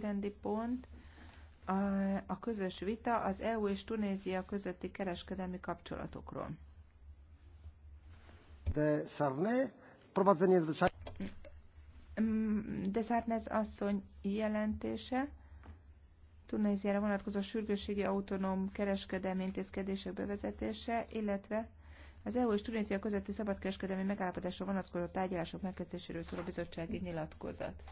napirendi pont a, a közös vita az EU és Tunézia közötti kereskedelmi kapcsolatokról. De Sarné, prowadzenie mm, De Sarnez asszony jelentése Tunéziára vonatkozó sürgősségi autonóm kereskedelmi intézkedések bevezetése, illetve az EU és Tunézia közötti szabadkereskedelmi megállapodásra vonatkozó tárgyalások megkezdéséről szóló bizottsági nyilatkozat.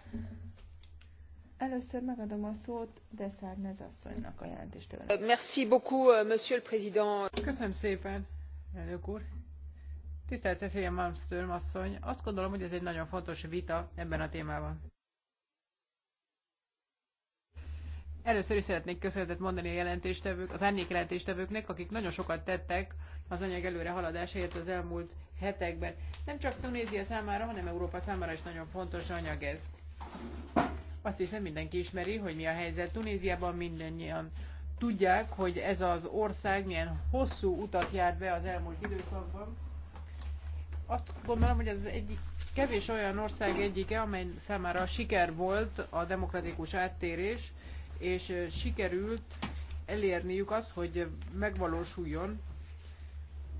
Először megadom a szót Deszárnez asszonynak a jelentéstől. Euh, merci beaucoup, euh, monsieur le président. Köszönöm szépen, elnök úr. Tisztelt Cecilia Malmström asszony, azt gondolom, hogy ez egy nagyon fontos vita ebben a témában. Először is szeretnék köszönetet mondani a jelentéstevők, az árnyék jelentéstevőknek, akik nagyon sokat tettek az anyag előre haladásáért az elmúlt hetekben. Nem csak Tunézia számára, hanem Európa számára is nagyon fontos anyag ez. Azt is nem mindenki ismeri, hogy mi a helyzet Tunéziában, mindannyian tudják, hogy ez az ország milyen hosszú utat jár be az elmúlt időszakban. Azt gondolom, hogy ez egyik kevés olyan ország egyike, amely számára siker volt a demokratikus áttérés, és sikerült elérniük azt, hogy megvalósuljon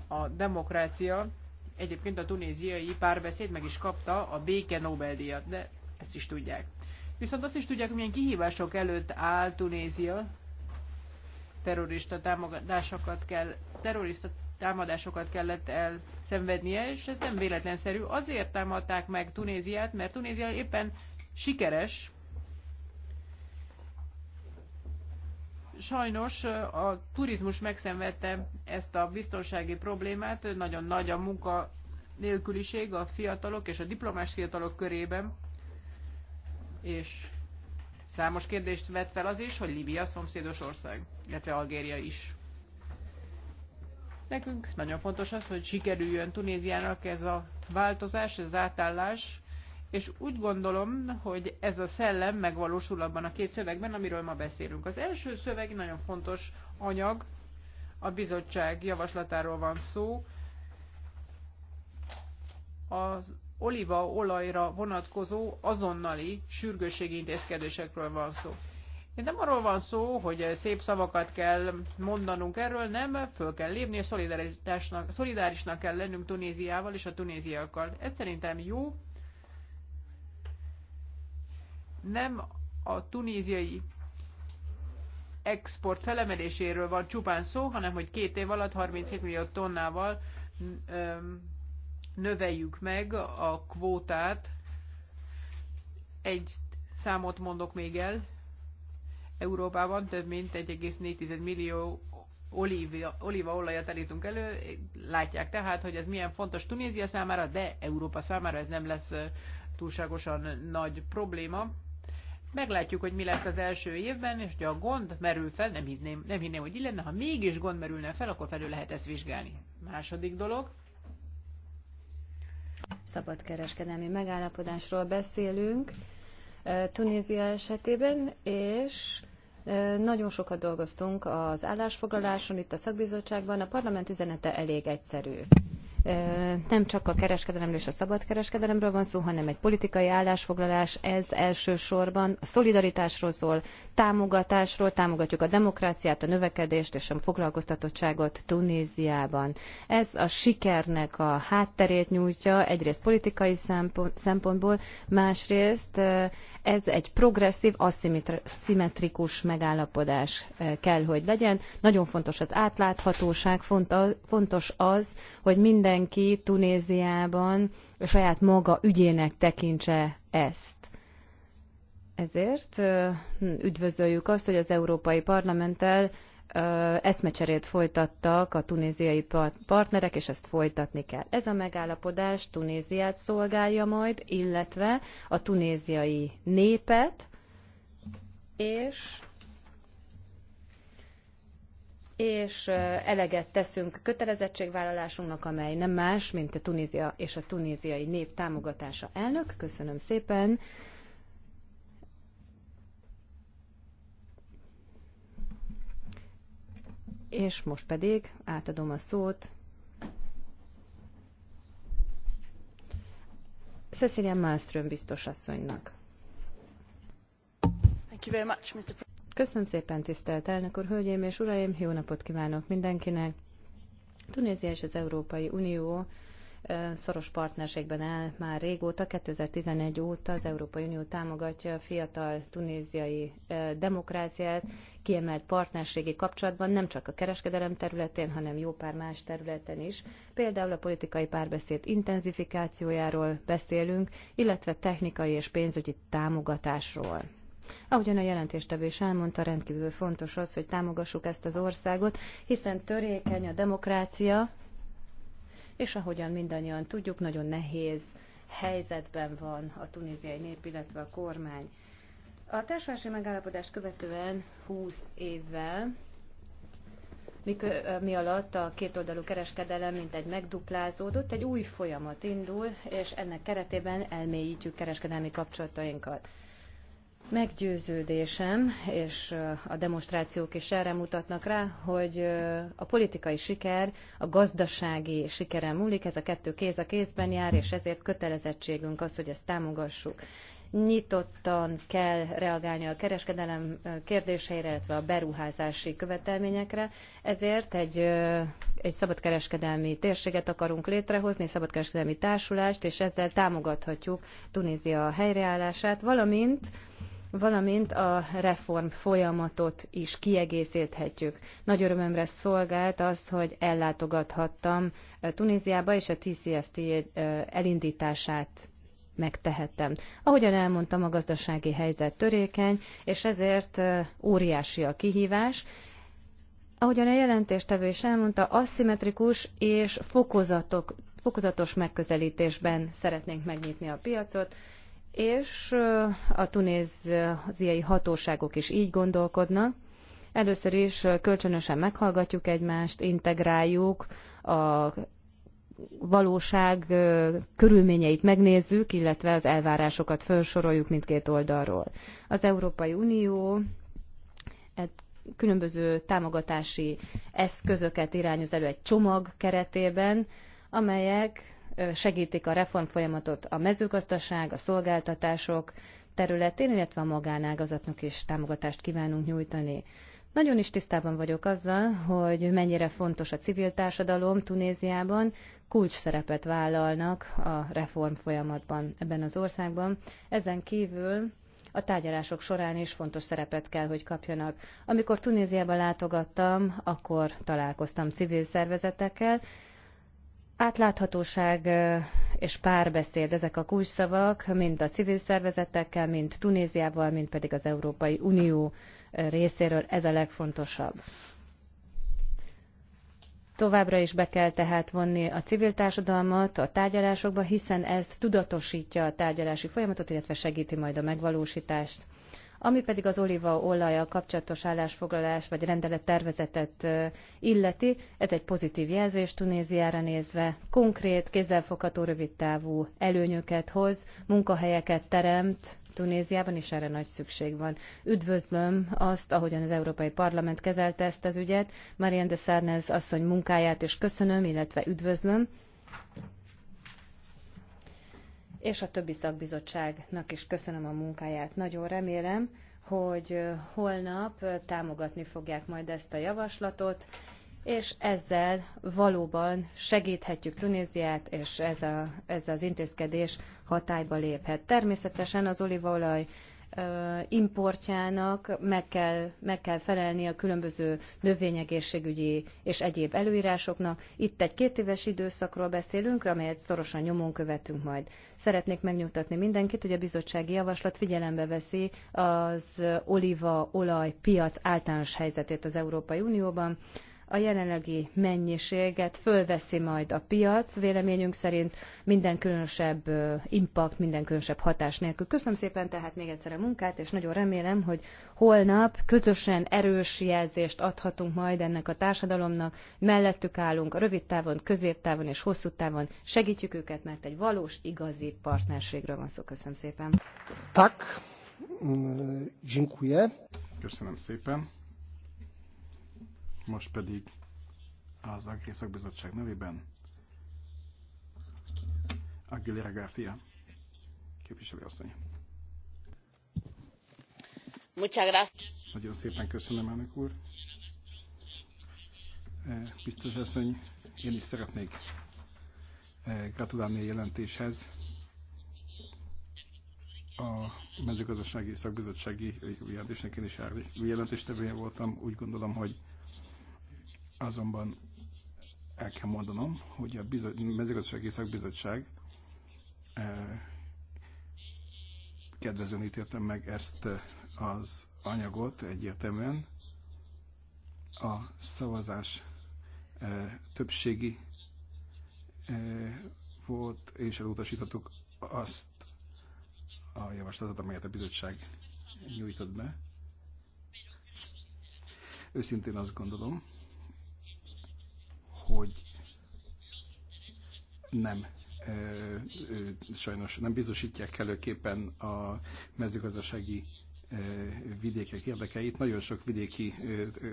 a demokrácia. Egyébként a tunéziai párbeszéd meg is kapta a béke Nobel-díjat, de ezt is tudják. Viszont azt is tudják, milyen kihívások előtt áll Tunézia. Terrorista támadásokat kell, terrorista támadásokat kellett szenvednie, és ez nem véletlenszerű. Azért támadták meg Tunéziát, mert Tunézia éppen sikeres. Sajnos a turizmus megszenvedte ezt a biztonsági problémát, nagyon nagy a munka nélküliség a fiatalok és a diplomás fiatalok körében és számos kérdést vett fel az is, hogy Libia szomszédos ország, illetve Algéria is. Nekünk nagyon fontos az, hogy sikerüljön Tunéziának ez a változás, ez az átállás, és úgy gondolom, hogy ez a szellem megvalósul abban a két szövegben, amiről ma beszélünk. Az első szöveg nagyon fontos anyag, a bizottság javaslatáról van szó, az olívaolajra vonatkozó azonnali sürgősségi intézkedésekről van szó. Én nem arról van szó, hogy szép szavakat kell mondanunk erről, nem, föl kell lépni, szolidaritásnak, szolidárisnak kell lennünk Tunéziával és a tunéziakkal. Ez szerintem jó. Nem a tunéziai export felemeléséről van csupán szó, hanem hogy két év alatt 37 millió tonnával öm, növeljük meg a kvótát. Egy számot mondok még el. Európában több mint 1,4 millió olívia, olívaolajat elítunk elő. Látják tehát, hogy ez milyen fontos Tunézia számára, de Európa számára ez nem lesz túlságosan nagy probléma. Meglátjuk, hogy mi lesz az első évben, és ha a gond merül fel, nem hinném, nem hinném hogy így lenne, ha mégis gond merülne fel, akkor felül lehet ezt vizsgálni. Második dolog, szabadkereskedelmi megállapodásról beszélünk Tunézia esetében, és nagyon sokat dolgoztunk az állásfoglaláson itt a szakbizottságban. A parlament üzenete elég egyszerű nem csak a kereskedelemről és a kereskedelemről van szó, hanem egy politikai állásfoglalás, ez elsősorban a szolidaritásról szól, támogatásról, támogatjuk a demokráciát, a növekedést és a foglalkoztatottságot Tunéziában. Ez a sikernek a hátterét nyújtja, egyrészt politikai szempontból, másrészt ez egy progresszív, aszimmetrikus megállapodás kell, hogy legyen. Nagyon fontos az átláthatóság, fontos az, hogy minden mindenki Tunéziában a saját maga ügyének tekintse ezt. Ezért üdvözöljük azt, hogy az Európai Parlamenttel eszmecserét folytattak a tunéziai partnerek, és ezt folytatni kell. Ez a megállapodás Tunéziát szolgálja majd, illetve a tunéziai népet, és és eleget teszünk kötelezettségvállalásunknak, amely nem más, mint a Tunézia és a tunéziai nép támogatása. Elnök, köszönöm szépen. És most pedig átadom a szót Cecilia Malmström biztos asszonynak. Thank you very much, Mr. Köszönöm szépen, tisztelt elnök úr, hölgyeim és uraim, jó napot kívánok mindenkinek. Tunézia és az Európai Unió szoros partnerségben áll már régóta, 2011 óta az Európai Unió támogatja a fiatal tunéziai demokráciát, kiemelt partnerségi kapcsolatban nem csak a kereskedelem területén, hanem jó pár más területen is. Például a politikai párbeszéd intenzifikációjáról beszélünk, illetve technikai és pénzügyi támogatásról. Ahogyan a jelentéstevő is elmondta, rendkívül fontos az, hogy támogassuk ezt az országot, hiszen törékeny a demokrácia, és ahogyan mindannyian tudjuk, nagyon nehéz helyzetben van a tunéziai nép, illetve a kormány. A társadalmi megállapodást követően 20 évvel, mikor, mi alatt a kétoldalú kereskedelem mintegy megduplázódott, egy új folyamat indul, és ennek keretében elmélyítjük kereskedelmi kapcsolatainkat. Meggyőződésem, és a demonstrációk is erre mutatnak rá, hogy a politikai siker a gazdasági sikeren múlik, ez a kettő kéz a kézben jár, és ezért kötelezettségünk az, hogy ezt támogassuk. Nyitottan kell reagálni a kereskedelem kérdéseire, illetve a beruházási követelményekre, ezért egy, egy szabadkereskedelmi térséget akarunk létrehozni, szabadkereskedelmi társulást, és ezzel támogathatjuk Tunézia helyreállását, valamint valamint a reform folyamatot is kiegészíthetjük. Nagy örömömre szolgált az, hogy ellátogathattam eh, Tunéziába, és a TCFT eh, elindítását megtehettem. Ahogyan elmondtam, a gazdasági helyzet törékeny, és ezért eh, óriási a kihívás. Ahogyan a jelentéstevő is elmondta, aszimmetrikus és fokozatok, fokozatos megközelítésben szeretnénk megnyitni a piacot, és a tunéziai hatóságok is így gondolkodnak. Először is kölcsönösen meghallgatjuk egymást, integráljuk, a valóság körülményeit megnézzük, illetve az elvárásokat felsoroljuk mindkét oldalról. Az Európai Unió különböző támogatási eszközöket irányoz elő egy csomag keretében, amelyek segítik a reformfolyamatot a mezőgazdaság, a szolgáltatások területén, illetve a magánágazatnak is támogatást kívánunk nyújtani. Nagyon is tisztában vagyok azzal, hogy mennyire fontos a civil társadalom Tunéziában, kulcs szerepet vállalnak a reform folyamatban ebben az országban. Ezen kívül a tárgyalások során is fontos szerepet kell, hogy kapjanak. Amikor Tunéziába látogattam, akkor találkoztam civil szervezetekkel, Átláthatóság és párbeszéd, ezek a kulcsszavak, mind a civil szervezetekkel, mind Tunéziával, mind pedig az Európai Unió részéről, ez a legfontosabb. Továbbra is be kell tehát vonni a civil társadalmat a tárgyalásokba, hiszen ez tudatosítja a tárgyalási folyamatot, illetve segíti majd a megvalósítást. Ami pedig az olívaolaja kapcsolatos állásfoglalás vagy rendelettervezetet illeti, ez egy pozitív jelzés Tunéziára nézve. Konkrét, kézzelfogható, rövidtávú előnyöket hoz, munkahelyeket teremt, Tunéziában is erre nagy szükség van. Üdvözlöm azt, ahogyan az Európai Parlament kezelte ezt az ügyet, Marianne de Sarnez asszony munkáját is köszönöm, illetve üdvözlöm és a többi szakbizottságnak is köszönöm a munkáját. Nagyon remélem, hogy holnap támogatni fogják majd ezt a javaslatot, és ezzel valóban segíthetjük Tunéziát, és ez, a, ez az intézkedés hatályba léphet. Természetesen az olívaolaj importjának meg kell, meg kell felelni a különböző növényegészségügyi és egyéb előírásoknak. Itt egy két éves időszakról beszélünk, amelyet szorosan nyomon követünk majd. Szeretnék megnyugtatni mindenkit, hogy a bizottsági javaslat figyelembe veszi az olaj piac általános helyzetét az Európai Unióban a jelenlegi mennyiséget fölveszi majd a piac, véleményünk szerint minden különösebb impact, minden különösebb hatás nélkül. Köszönöm szépen tehát még egyszer a munkát, és nagyon remélem, hogy holnap közösen erős jelzést adhatunk majd ennek a társadalomnak, mellettük állunk a rövid távon, középtávon és hosszú távon, segítjük őket, mert egy valós, igazi partnerségről van szó. Köszönöm szépen. Tak. Mm, dziękuję. Köszönöm szépen. Most pedig az Agri Szakbizottság nevében Aguilera García képviselőasszony. Muchas Nagyon szépen köszönöm, elnök úr. Eh, biztos asszony, én is szeretnék eh, gratulálni a jelentéshez. A mezőgazdasági szakbizottsági jelentésnek én is jelentéstevője voltam. Úgy gondolom, hogy Azonban el kell mondanom, hogy a mezőgazdasági szakbizottság eh, kedvezően ítéltem meg ezt eh, az anyagot egyértelműen. A szavazás eh, többségi eh, volt, és elutasítottuk azt a javaslatot, amelyet a bizottság nyújtott be. Őszintén azt gondolom, nem sajnos nem biztosítják előképpen a mezőgazdasági vidékek érdekeit. Nagyon sok vidéki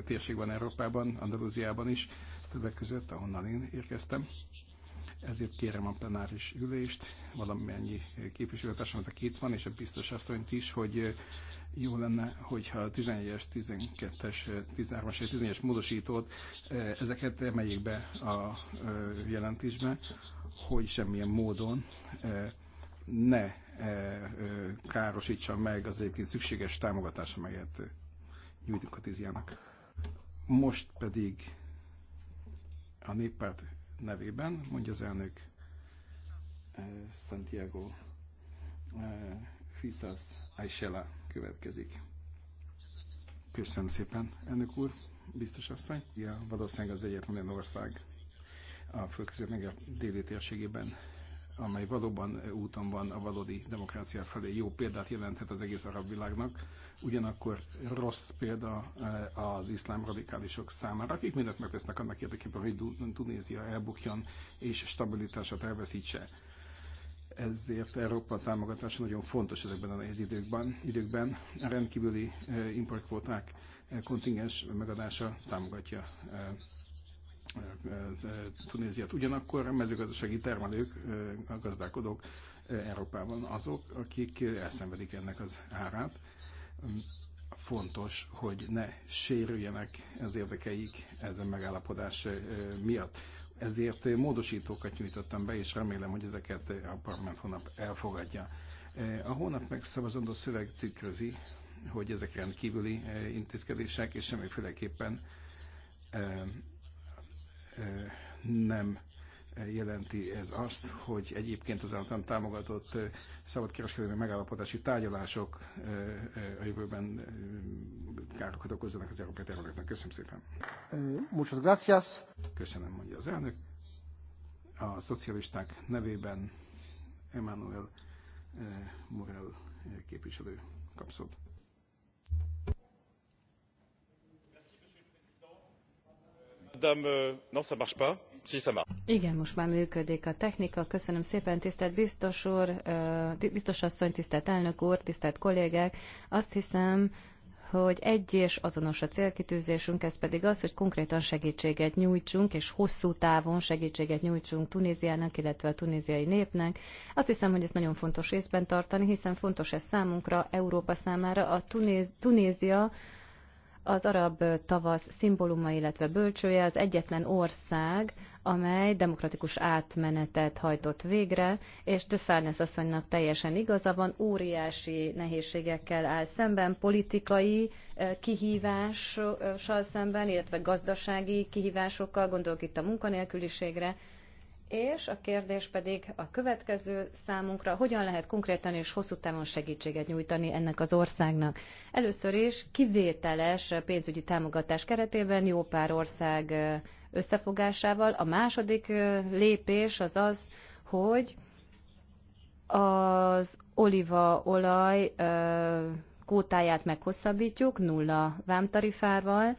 térség van Európában, Andalúziában is, többek között, ahonnan én érkeztem. Ezért kérem a plenáris ülést, valamennyi képviselőtársamat, aki itt van, és a biztos asszonyt is, hogy jó lenne, hogyha a 11-es, 12-es, 13-as 11 es módosítót ezeket emeljék be a jelentésbe, hogy semmilyen módon ne károsítsa meg az egyébként szükséges támogatás, amelyet nyújtunk a tíziának. Most pedig a néppárt nevében, mondja az elnök Santiago Fisas Aysela következik. Köszönöm szépen, elnök úr, biztos asszony. Ja, valószínűleg az egyetlen ország, a földközi meg déli térségében, amely valóban úton van a valódi demokrácia felé. Jó példát jelenthet az egész arab világnak, ugyanakkor rossz példa eh, az iszlám radikálisok számára, akik mindent megtesznek annak érdekében, hogy Tunézia elbukjon és stabilitását elveszítse ezért Európa támogatása nagyon fontos ezekben a nehéz időkben. időkben. A rendkívüli eh, importkvóták eh, kontingens megadása támogatja Tunéziát. Ugyanakkor a mezőgazdasági termelők, a gazdálkodók Európában azok, akik elszenvedik ennek az árát. Fontos, hogy ne sérüljenek az érdekeik ezen megállapodás miatt. Ezért módosítókat nyújtottam be, és remélem, hogy ezeket a parlament hónap elfogadja. A hónap megszavazandó szöveg tükrözi, hogy ezek rendkívüli intézkedések, és semmiféleképpen nem jelenti ez azt, hogy egyébként az általán támogatott szabadkereskedelmi megállapodási tárgyalások a jövőben károkat okozzanak az európai területnek. Köszönöm szépen. Muchas gracias. Köszönöm, mondja az elnök. A szocialisták nevében Emmanuel Morel képviselő kapszott. Euh, Igen, most már működik a technika. Köszönöm szépen, tisztelt biztos úr, euh, biztos asszony, tisztelt elnök úr, tisztelt kollégák. Azt hiszem, hogy egy és azonos a célkitűzésünk, ez pedig az, hogy konkrétan segítséget nyújtsunk, és hosszú távon segítséget nyújtsunk Tunéziának, illetve a tunéziai népnek. Azt hiszem, hogy ezt nagyon fontos részben tartani, hiszen fontos ez számunkra, Európa számára. A Tunéz, Tunézia az arab tavasz szimbóluma, illetve bölcsője az egyetlen ország, amely demokratikus átmenetet hajtott végre, és de Sarnes asszonynak teljesen igaza van, óriási nehézségekkel áll szemben, politikai kihívással szemben, illetve gazdasági kihívásokkal, gondolok itt a munkanélküliségre, és a kérdés pedig a következő számunkra, hogyan lehet konkrétan és hosszú távon segítséget nyújtani ennek az országnak. Először is kivételes pénzügyi támogatás keretében jó pár ország összefogásával. A második lépés az az, hogy az olívaolaj kótáját meghosszabbítjuk nulla vámtarifával,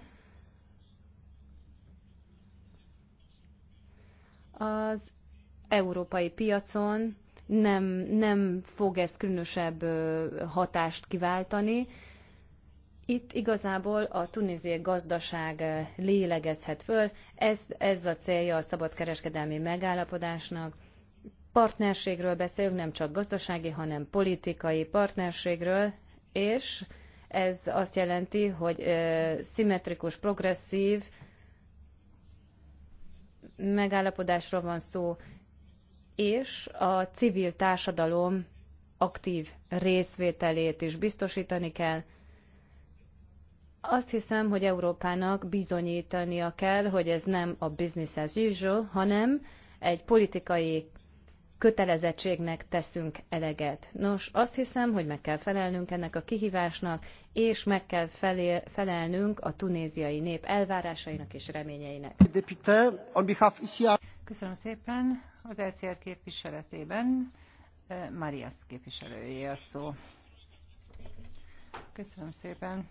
az európai piacon nem, nem fog ez különösebb hatást kiváltani. Itt igazából a tunéziai gazdaság lélegezhet föl, ez, ez a célja a szabadkereskedelmi megállapodásnak. Partnerségről beszélünk, nem csak gazdasági, hanem politikai partnerségről, és ez azt jelenti, hogy szimmetrikus, progresszív, megállapodásról van szó, és a civil társadalom aktív részvételét is biztosítani kell. Azt hiszem, hogy Európának bizonyítania kell, hogy ez nem a business as usual, hanem egy politikai kötelezettségnek teszünk eleget. Nos, azt hiszem, hogy meg kell felelnünk ennek a kihívásnak, és meg kell felél, felelnünk a tunéziai nép elvárásainak és reményeinek. E Köszönöm szépen. Az LCR e képviseletében eh, Marias képviselője a szó. Köszönöm szépen.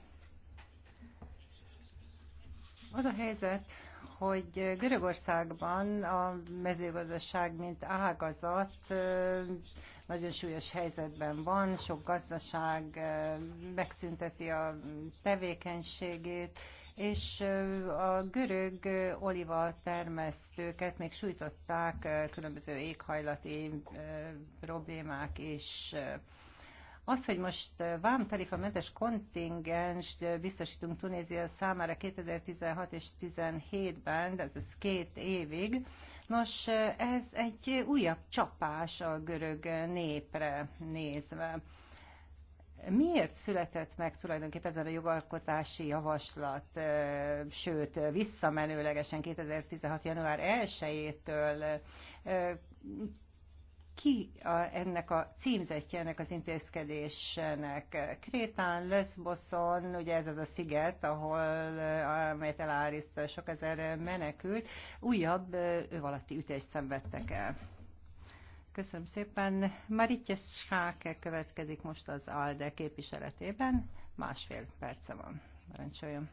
Az a helyzet, hogy Görögországban a mezőgazdaság, mint ágazat nagyon súlyos helyzetben van, sok gazdaság megszünteti a tevékenységét, és a görög oliva termesztőket még sújtották különböző éghajlati problémák is. És az, hogy most vámtarifamentes kontingenst biztosítunk Tunézia számára 2016 és 2017-ben, de ez két évig, nos, ez egy újabb csapás a görög népre nézve. Miért született meg tulajdonképpen ez a jogalkotási javaslat, sőt, visszamenőlegesen 2016. január 1-től ki a, ennek a címzetje ennek az intézkedésnek. Krétán, Lesboszon, ugye ez az a sziget, ahol, eh, amelyet eláriszt sok ezer menekült, újabb ő eh, alatti ütést szenvedtek el. Köszönöm szépen. Maritje Scháke következik most az ALDE képviseletében. Másfél perce van. Parancsoljon.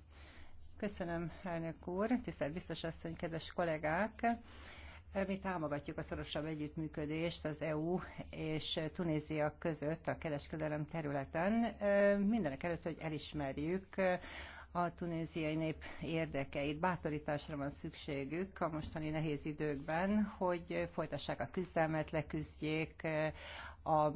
Köszönöm, elnök úr, tisztelt biztos asszony, kedves kollégák! Mi támogatjuk a szorosabb együttműködést az EU és Tunézia között a kereskedelem területen. Mindenek előtt, hogy elismerjük a tunéziai nép érdekeit. Bátorításra van szükségük a mostani nehéz időkben, hogy folytassák a küzdelmet, leküzdjék eh, az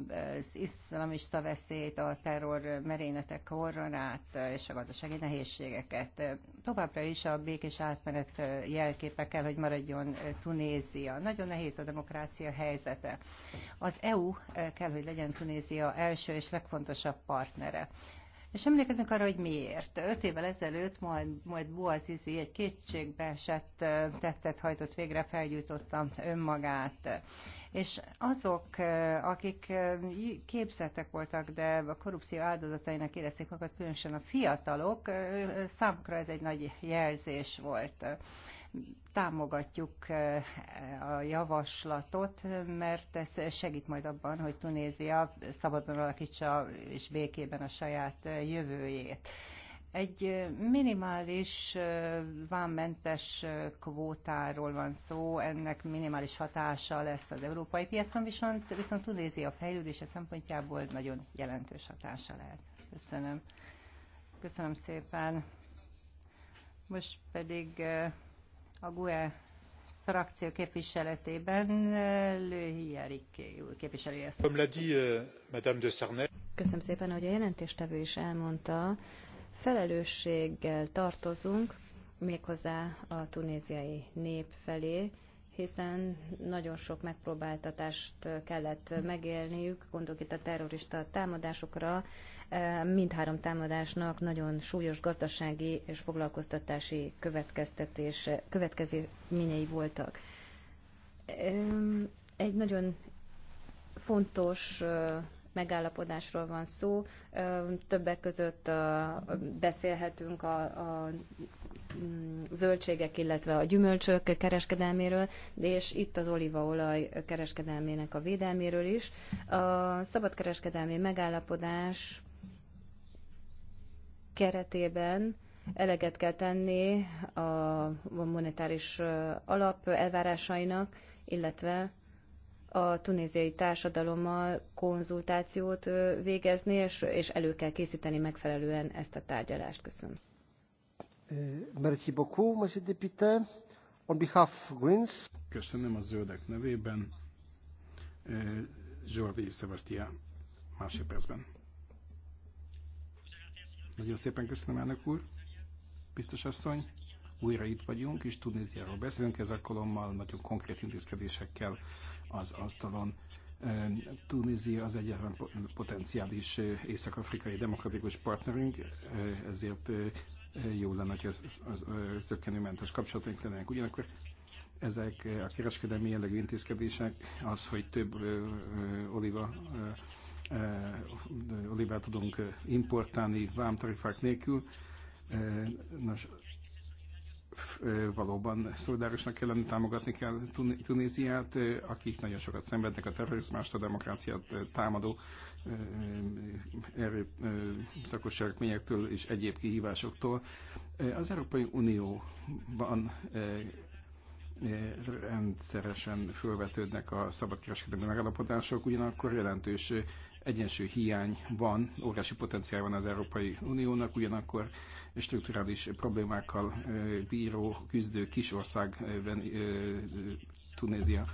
iszlamista veszélyt, a terror merényletek horrorát és a gazdasági nehézségeket. Továbbra is a békés átmenet eh, jelképe kell, hogy maradjon eh, Tunézia. Nagyon nehéz a demokrácia helyzete. Az EU kell, hogy legyen Tunézia első és legfontosabb partnere. És emlékezünk arra, hogy miért. Öt évvel ezelőtt majd, majd Boazizi egy esett tettet hajtott végre, felgyújtotta önmagát. És azok, akik képzettek voltak, de a korrupció áldozatainak érezték magukat, különösen a fiatalok, számukra ez egy nagy jelzés volt. Támogatjuk e, a javaslatot, mert ez segít majd abban, hogy Tunézia szabadon alakítsa és békében a saját e, jövőjét egy e, minimális vámmentes kvótáról van szó, ennek minimális hatása lesz az európai piacon, viszont, viszont Tunézia fejlődése szempontjából nagyon jelentős hatása lehet. Köszönöm. Köszönöm szépen. Most pedig a GUE frakció képviseletében eh, Lőhieriké úr képviselője. Euh, Köszönöm szépen, hogy a jelentéstevő is elmondta, felelősséggel tartozunk méghozzá a tunéziai nép felé, hiszen nagyon sok megpróbáltatást kellett megélniük, gondolok itt a terrorista támadásokra. Mindhárom támadásnak nagyon súlyos gazdasági és foglalkoztatási következtetés, következményei voltak. Egy nagyon fontos megállapodásról van szó. Többek között beszélhetünk a, a mm, zöldségek, illetve a gyümölcsök kereskedelméről, és itt az olívaolaj kereskedelmének a védelméről is. A szabadkereskedelmi megállapodás keretében eleget kell tenni a monetáris alap elvárásainak, illetve a tunéziai társadalommal konzultációt végezni, és, és elő kell készíteni megfelelően ezt a tárgyalást. Köszönöm. Eh, merci beaucoup, monsieur député. On behalf of Greens. Köszönöm a zöldek nevében. Eh, Jordi Sebastián percben. Nagyon szépen köszönöm, elnök úr. Biztos asszony, újra itt vagyunk, és Tunéziáról beszélünk, ez alkalommal nagyon konkrét intézkedésekkel az asztalon. Tunézia az egyetlen potenciális észak-afrikai demokratikus partnerünk, ezért jó lenne, hogy az zöggenőmentes kapcsolatunk lennének. Ugyanakkor ezek a kereskedelmi jellegű intézkedések, az, hogy több oliva olivát tudunk importálni vámtarifák nélkül. Nos, valóban szolidárisnak kell lenni, támogatni kell Tunéziát, akik nagyon sokat szenvednek a terrorizmást, a demokráciát támadó erő szakoságményektől és egyéb kihívásoktól. Az Európai Unióban rendszeresen fölvetődnek a szabadkereskedelmi megállapodások, ugyanakkor jelentős egyensúly hiány van, óriási potenciál van az Európai Uniónak, ugyanakkor strukturális problémákkal bíró, küzdő kis ország Tunézia.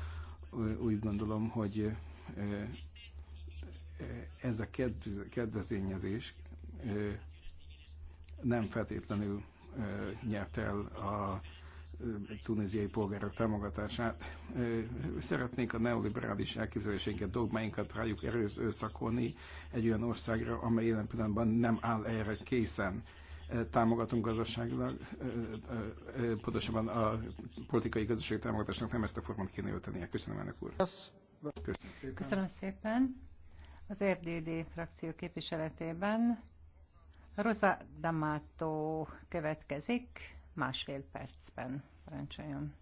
Úgy gondolom, hogy ez a kedvezényezés nem feltétlenül nyert el a tunéziai polgárok támogatását. szeretnénk a neoliberális elképzeléseinket, dogmáinkat rájuk erőszakolni egy olyan országra, amely jelen pillanatban nem áll erre készen támogatunk gazdaságilag, pontosabban a politikai gazdaság támogatásnak nem ezt a formát kéne öltenie. Köszönöm, elnök úr. Köszönöm szépen. Köszönöm szépen. Az RDD frakció képviseletében Rosa D'Amato következik másfél percben. Parancsoljon.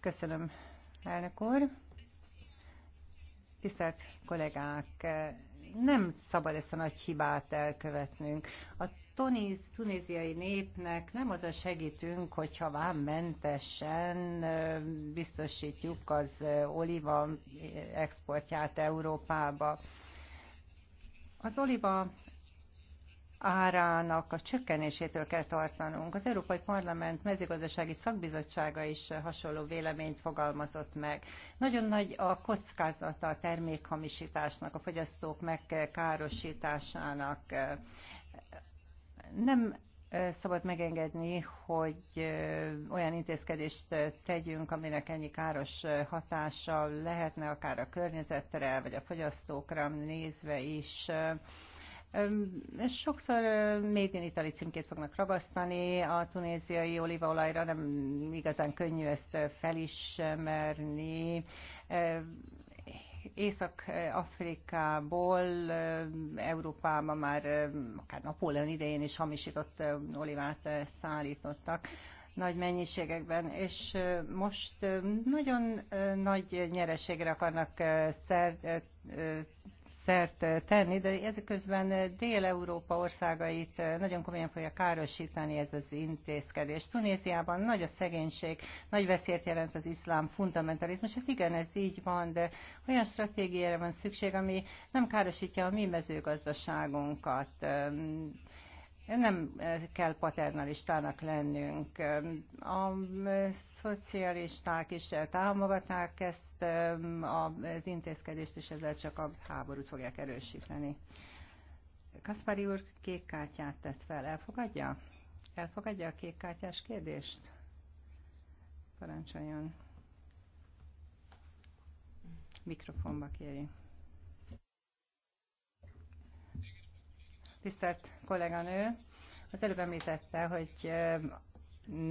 Köszönöm, elnök úr. Tisztelt kollégák, nem szabad ezt a nagy hibát elkövetnünk. A tunéz, tunéziai népnek nem az a segítünk, hogyha vámmentesen biztosítjuk az oliva exportját Európába. Az oliva árának a csökkenésétől kell tartanunk. Az Európai Parlament mezőgazdasági szakbizottsága is hasonló véleményt fogalmazott meg. Nagyon nagy a kockázata a termékhamisításnak, a fogyasztók megkárosításának. Nem szabad megengedni, hogy olyan intézkedést tegyünk, aminek ennyi káros hatása lehetne akár a környezetre, vagy a fogyasztókra nézve is. Sokszor Made in Italy címkét fognak ragasztani, a tunéziai olívaolajra nem igazán könnyű ezt felismerni. Észak-Afrikából Európába már akár Napóleon idején is hamisított olivát szállítottak nagy mennyiségekben, és most nagyon nagy nyereségre akarnak szert szert eh, tenni, de ezek közben eh, Dél-Európa országait eh, nagyon komolyan fogja károsítani ez az intézkedés. Tunéziában nagy a szegénység, nagy veszélyt jelent az iszlám fundamentalizmus. Ez igen, ez így van, de olyan stratégiára van szükség, ami nem károsítja a mi mezőgazdaságunkat nem eh, kell paternalistának lennünk. A eh, szocialisták is támogatták ezt eh, az intézkedést, és ezzel csak a háborút fogják erősíteni. Kaspari úr kék kártyát tett fel. Elfogadja? Elfogadja a kék kártyás kérdést? Parancsoljon. Mikrofonba kéri. Tisztelt kolléganő, az előbb említette, hogy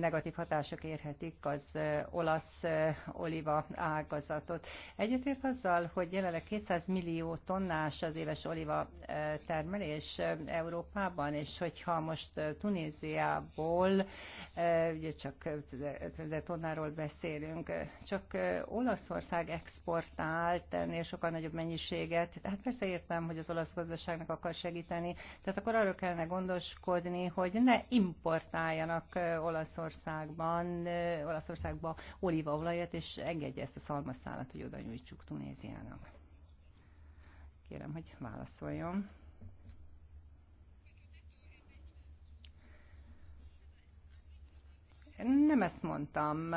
negatív hatások érhetik az olasz oliva ágazatot. Egyetért azzal, hogy jelenleg 200 millió tonnás az éves oliva termelés Európában, és hogyha most Tunéziából, ugye csak 50 tonnáról beszélünk, csak Olaszország exportált ennél sokkal nagyobb mennyiséget, hát persze értem, hogy az olasz gazdaságnak akar segíteni, tehát akkor arról kellene gondoskodni, hogy ne importáljanak olasz Olaszországban, Olaszországba olívaolajat, és engedje ezt a szalmaszálat, hogy oda nyújtsuk Tunéziának. Kérem, hogy válaszoljon. Nem ezt mondtam.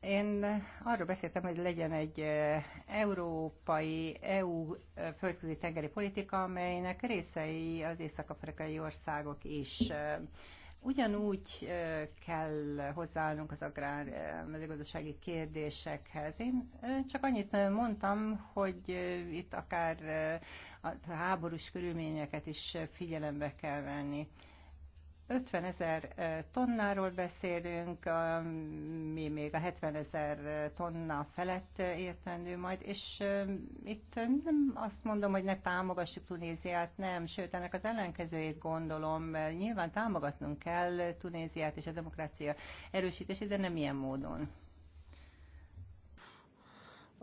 Én arról beszéltem, hogy legyen egy európai, EU földközi tengeri politika, amelynek részei az észak-afrikai országok is. Ugyanúgy kell hozzáállnunk az agrár mezőgazdasági kérdésekhez. Én csak annyit mondtam, hogy itt akár a háborús körülményeket is figyelembe kell venni. 50 ezer tonnáról beszélünk, mi még a 70 ezer tonna felett értendő majd, és itt nem azt mondom, hogy ne támogassuk Tunéziát, nem, sőt, ennek az ellenkezőjét gondolom. Nyilván támogatnunk kell Tunéziát és a demokrácia erősítését, de nem ilyen módon.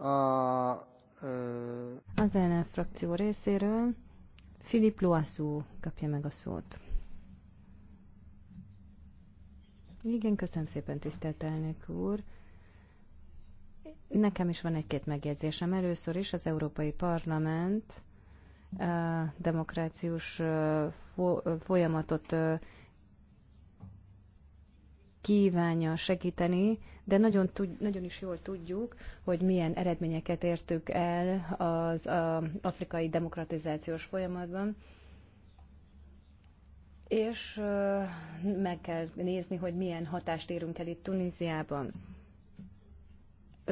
A, ö... Az ellen frakció részéről Filip Loasszú kapja meg a szót. Igen, köszönöm szépen, tisztelt elnök úr. Nekem is van egy-két megjegyzésem. Először is az Európai Parlament demokrációs folyamatot kívánja segíteni, de nagyon, tud, nagyon is jól tudjuk, hogy milyen eredményeket értük el az afrikai demokratizációs folyamatban és meg kell nézni, hogy milyen hatást érünk el itt Tunéziában.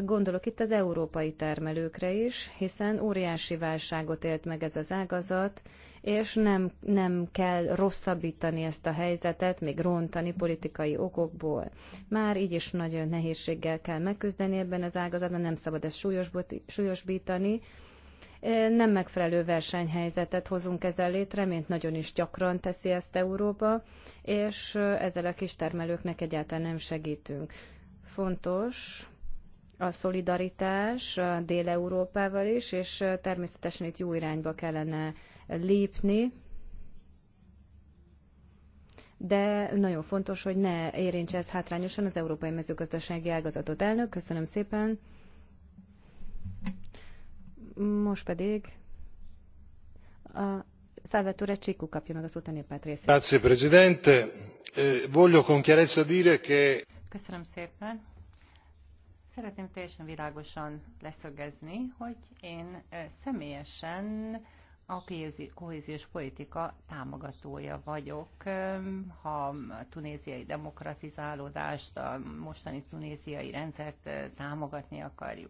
Gondolok itt az európai termelőkre is, hiszen óriási válságot élt meg ez az ágazat, és nem, nem kell rosszabbítani ezt a helyzetet, még rontani politikai okokból. Már így is nagyon nehézséggel kell megküzdeni ebben az ágazatban, nem szabad ezt súlyosbítani, nem megfelelő versenyhelyzetet hozunk ezzel létre, mint nagyon is gyakran teszi ezt Európa, és ezzel a kis termelőknek egyáltalán nem segítünk. Fontos a szolidaritás Dél-Európával is, és természetesen itt jó irányba kellene lépni, de nagyon fontos, hogy ne érintse ez hátrányosan az európai mezőgazdasági ágazatot. Elnök, köszönöm szépen! Most pedig a Salvatore Csikú kapja meg az szót a Grazie, Presidente. Eh, voglio con chiarezza dire che... Köszönöm szépen. Szeretném teljesen világosan leszögezni, hogy én eh, személyesen a kohéziós politika támogatója vagyok. Ha a tunéziai demokratizálódást, a mostani tunéziai rendszert eh, támogatni akarjuk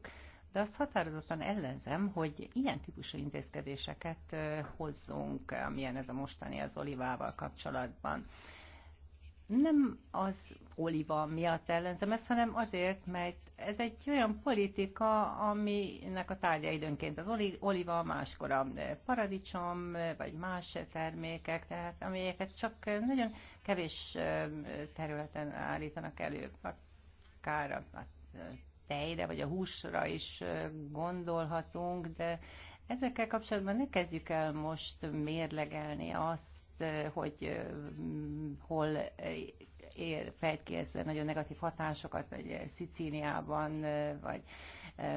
de azt határozottan ellenzem, hogy ilyen típusú intézkedéseket hozzunk, amilyen ez a mostani az olivával kapcsolatban. Nem az oliva miatt ellenzem ezt, hanem azért, mert ez egy olyan politika, aminek a tárgya időnként az oliva, máskor a paradicsom, vagy más termékek, tehát amelyeket csak nagyon kevés területen állítanak elő, akár a tejre vagy a húsra is gondolhatunk, de ezekkel kapcsolatban ne kezdjük el most mérlegelni azt, hogy hol ér, fejt ki ez nagyon negatív hatásokat, vagy Szicíliában, vagy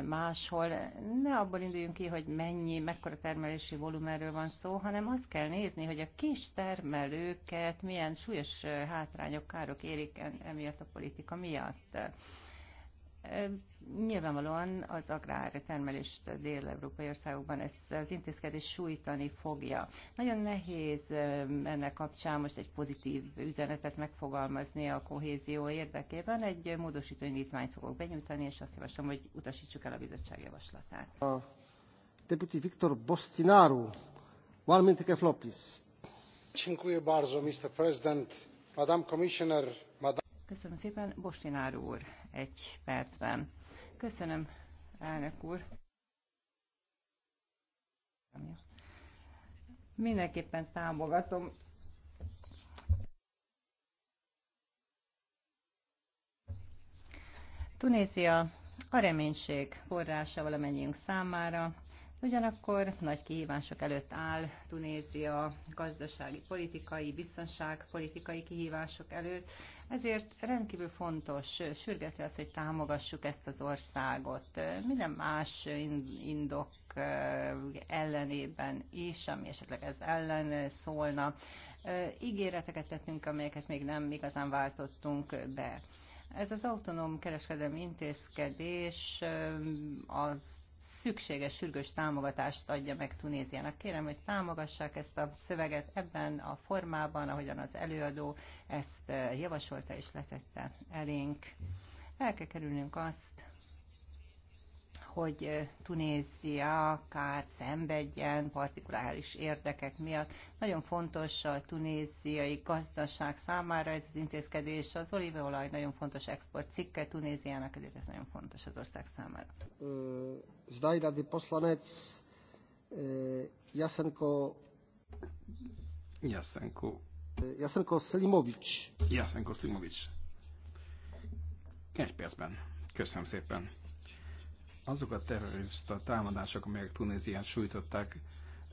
máshol. Ne abból induljunk ki, hogy mennyi, mekkora termelési volumenről van szó, hanem azt kell nézni, hogy a kis termelőket milyen súlyos hátrányok, károk érik emiatt a politika miatt. Nyilvánvalóan az agrártermelést dél-európai országokban ez az intézkedés sújtani fogja. Nagyon nehéz ennek kapcsán most egy pozitív üzenetet megfogalmazni a kohézió érdekében. Egy módosító indítványt fogok benyújtani, és azt javaslom, hogy utasítsuk el a bizottság javaslatát. A deputy Viktor Bostinaru, valamint minute flop, please. Mr. President, Madam Commissioner, Madam Köszönöm szépen. Bostinár úr, egy percben. Köszönöm, elnök úr. Mindenképpen támogatom Tunézia a reménység forrása valamennyiünk számára. Ugyanakkor nagy kihívások előtt áll Tunézia gazdasági, politikai, biztonság politikai kihívások előtt, ezért rendkívül fontos, sürgető az, hogy támogassuk ezt az országot. Minden más indok eh, ellenében is, ami esetleg ez ellen szólna. Eh, ígéreteket tettünk, amelyeket még nem igazán váltottunk be. Ez az autonóm kereskedelmi intézkedés eh, a szükséges, sürgős támogatást adja meg Tunéziának. Kérem, hogy támogassák ezt a szöveget ebben a formában, ahogyan az előadó ezt eh, javasolta és letette elénk. El kell kerülnünk azt, hogy Tunézia kárt szenvedjen partikuláris érdekek miatt. Nagyon fontos a tunéziai gazdaság számára ez az intézkedés. Az olívaolaj nagyon fontos export cikke Tunéziának, ezért ez nagyon fontos az ország számára. Zdajdadi poslanec Jasenko Jasenko Jasenko Selimovic Jasenko Selimovic Egy percben. Köszönöm szépen azok a terrorista támadások, amelyek Tunézián sújtották,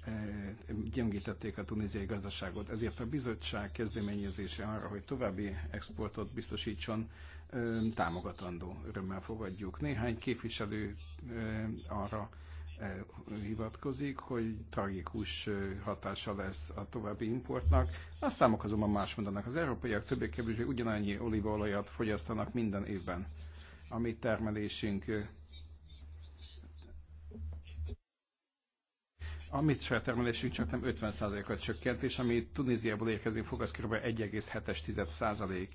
eh, gyengítették a tunéziai gazdaságot. Ezért a bizottság kezdeményezése arra, hogy további exportot biztosítson, eh, támogatandó. Örömmel fogadjuk. Néhány képviselő eh, arra hivatkozik, hogy tragikus hatása lesz a további importnak. Azt támogatom, a más mondanak. Az európaiak többé-kevésbé ugyanannyi olívaolajat fogyasztanak minden évben. A mi termelésünk Amit saját termelésünk csak nem 50%-ot csökkent, és ami Tunéziából érkezni fog, az kb. 1,7%.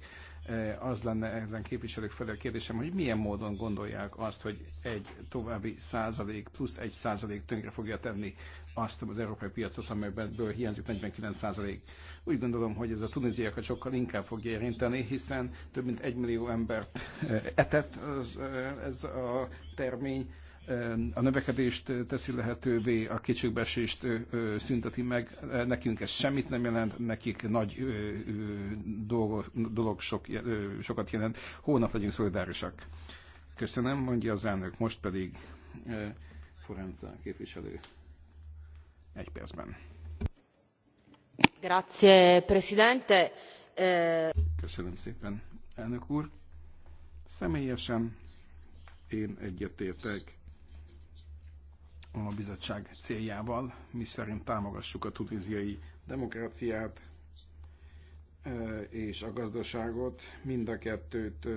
Az lenne ezen képviselők felé a kérdésem, hogy milyen módon gondolják azt, hogy egy további százalék plusz egy százalék tönkre fogja tenni azt az európai piacot, amelyből hiányzik 49 Úgy gondolom, hogy ez a tunéziákat sokkal inkább fogja érinteni, hiszen több mint egy millió embert etett ez a termény, a növekedést teszi lehetővé, a kétségbeesést szünteti meg, nekünk ez semmit nem jelent, nekik nagy dolog, dolog sok, sokat jelent. Hónap legyünk szolidárisak. Köszönöm, mondja az elnök, most pedig Forenza képviselő egy percben. Grazie, Presidente. Köszönöm szépen, elnök úr. Személyesen én egyetértek a bizottság céljával, miszerint támogassuk a tunéziai demokráciát és a gazdaságot, mind a kettőt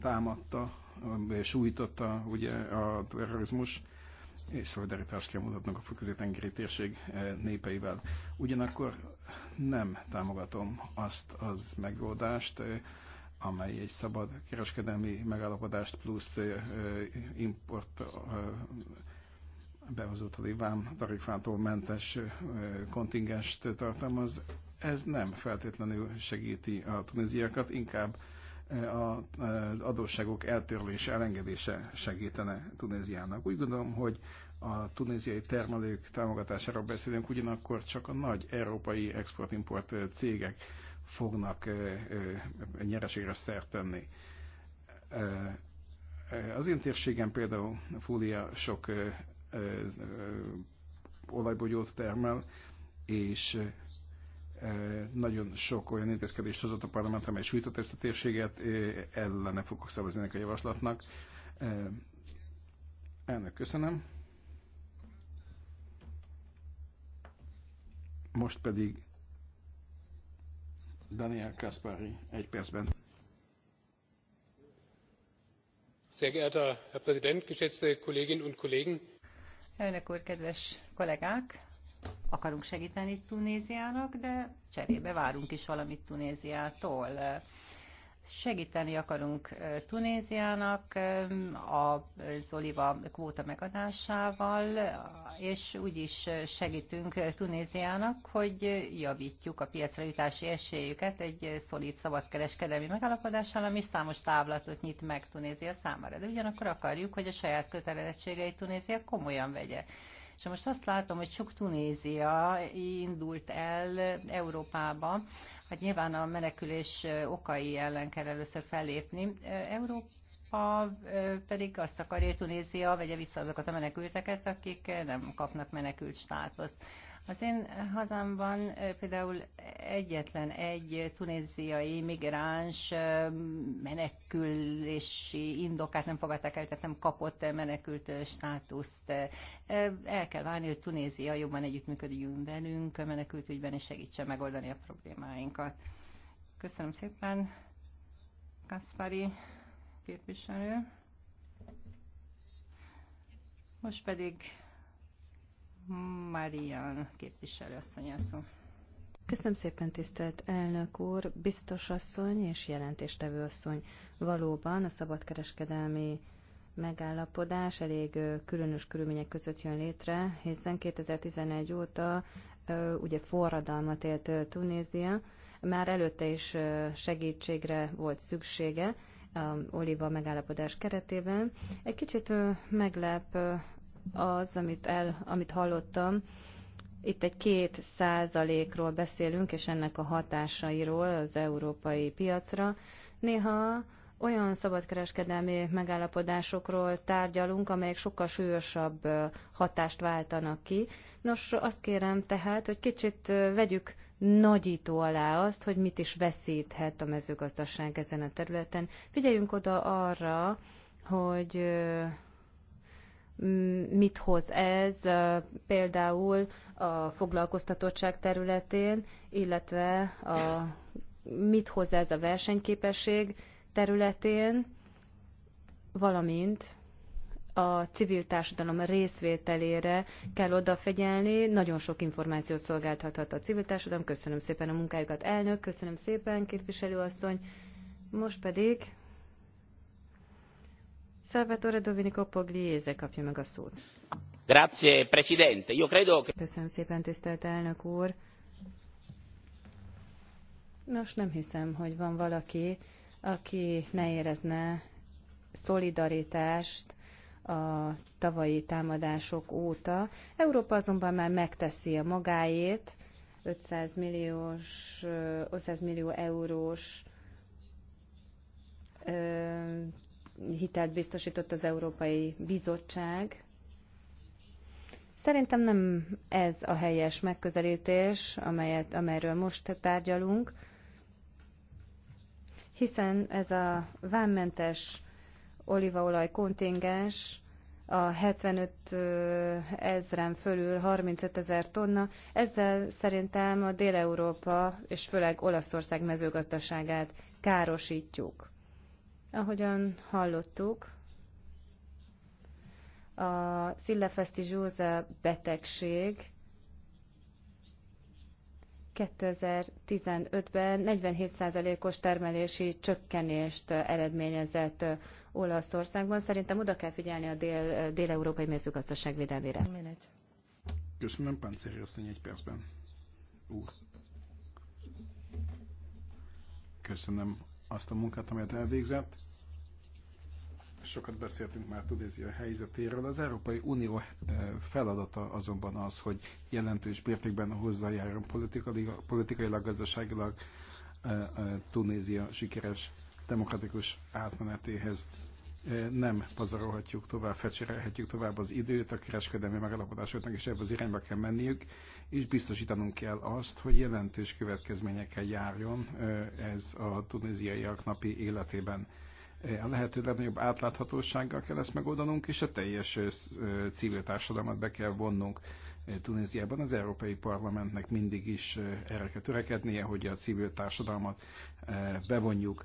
támadta, sújtotta ugye a terrorizmus, és szolidaritást kell mutatnunk a közé-tengeri térség népeivel. Ugyanakkor nem támogatom azt az megoldást, amely egy szabad kereskedelmi megállapodást plusz import behozott vám tarifától mentes kontingest tartalmaz. Ez nem feltétlenül segíti a tunéziakat, inkább az adósságok eltörlése, elengedése segítene Tunéziának. Úgy gondolom, hogy a tunéziai termelők támogatásáról beszélünk, ugyanakkor csak a nagy európai export-import cégek fognak nyereségre szert tenni. Az én térségem például Fúlia sok olajbogyót termel, és nagyon sok olyan intézkedést hozott a parlament, amely sújtott ezt a térséget, ellene fogok szavazni ennek a javaslatnak. Elnök, köszönöm. Most pedig Daniel Kaspari, egy percben. Sehr geehrter Herr Präsident, geschätzte Kolleginnen und Kollegen! Elnök úr, kedves kollégák! Akarunk segíteni Tunéziának, de cserébe várunk is valamit Tunéziától Segíteni akarunk Tunéziának a Zoliva kvóta megadásával, és úgy is segítünk Tunéziának, hogy javítjuk a piacra jutási esélyüket egy szolid szabadkereskedelmi megalapodással, ami számos távlatot nyit meg Tunézia számára. De ugyanakkor akarjuk, hogy a saját kötelezettségeit Tunézia komolyan vegye. És most azt látom, hogy sok Tunézia indult el Európába Hát nyilván a menekülés okai ellen kell először fellépni. Európa pedig azt akarja, hogy Tunézia vegye vissza azokat a menekülteket, akik nem kapnak menekült státuszt. Az én hazámban például egyetlen egy tunéziai migráns menekülési indokát nem fogadták el, tehát nem kapott menekült státuszt. El kell várni, hogy Tunézia jobban együttműködjön velünk a ügyben, és segítsen megoldani a problémáinkat. Köszönöm szépen, Kaspari képviselő. Most pedig Marian asszony szó. Köszönöm szépen, tisztelt elnök úr, biztos asszony és jelentéstevő asszony. Valóban a szabadkereskedelmi megállapodás elég különös körülmények között jön létre, hiszen 2011 óta ugye forradalmat élt Tunézia, már előtte is segítségre volt szüksége, oliva megállapodás keretében. Egy kicsit meglep az, amit, el, amit hallottam. Itt egy két százalékról beszélünk, és ennek a hatásairól az európai piacra. Néha olyan szabadkereskedelmi megállapodásokról tárgyalunk, amelyek sokkal súlyosabb hatást váltanak ki. Nos, azt kérem tehát, hogy kicsit vegyük nagyító alá azt, hogy mit is veszíthet a mezőgazdaság ezen a területen. Figyeljünk oda arra, hogy mit hoz ez például a foglalkoztatottság területén, illetve a, mit hoz ez a versenyképesség területén, valamint a civil társadalom részvételére kell odafigyelni. Nagyon sok információt szolgáltathat a civil társadalom. Köszönöm szépen a munkájukat, elnök, köszönöm szépen, képviselőasszony. Most pedig Salvatore Pogliese kapja meg a szót. Grazie, Presidente. Io credo che... Köszönöm szépen, tisztelt elnök úr. Nos, nem hiszem, hogy van valaki, aki ne érezne szolidaritást a tavalyi támadások óta. Európa azonban már megteszi a magáét, 500 milliós, 500 millió eurós hitelt biztosított az Európai Bizottság. Szerintem nem ez a helyes megközelítés, amelyet, amelyről most tárgyalunk, hiszen ez a vámmentes olívaolaj kontingens a 75 ezeren fölül 35 ezer tonna. Ezzel szerintem a Dél-Európa és főleg Olaszország mezőgazdaságát károsítjuk. Ahogyan hallottuk, a Szillefeszti Zsóza betegség 2015-ben 47%-os termelési csökkenést eredményezett Olaszországban. Szerintem oda kell figyelni a dél, dél-európai mezőgazdaság védelmére. Köszönöm, Páncéri asszony, egy percben. Úr. Köszönöm azt a munkát, amelyet elvégzett. Sokat beszéltünk már Tunézia helyzetéről. Az Európai Unió eh, feladata azonban az, hogy jelentős mértékben hozzájárjon politikailag, gazdaságilag eh, eh, Tunézia sikeres demokratikus átmenetéhez nem pazarolhatjuk tovább, fecsérelhetjük tovább az időt, a kereskedelmi megalapodásoknak is ebbe az irányba kell menniük, és biztosítanunk kell azt, hogy jelentős következményekkel járjon ez a tunéziaiak napi életében. A lehető legnagyobb átláthatósággal kell ezt megoldanunk, és a teljes civil társadalmat be kell vonnunk. Tunéziában az Európai Parlamentnek mindig is erre kell törekednie, hogy a civil társadalmat bevonjuk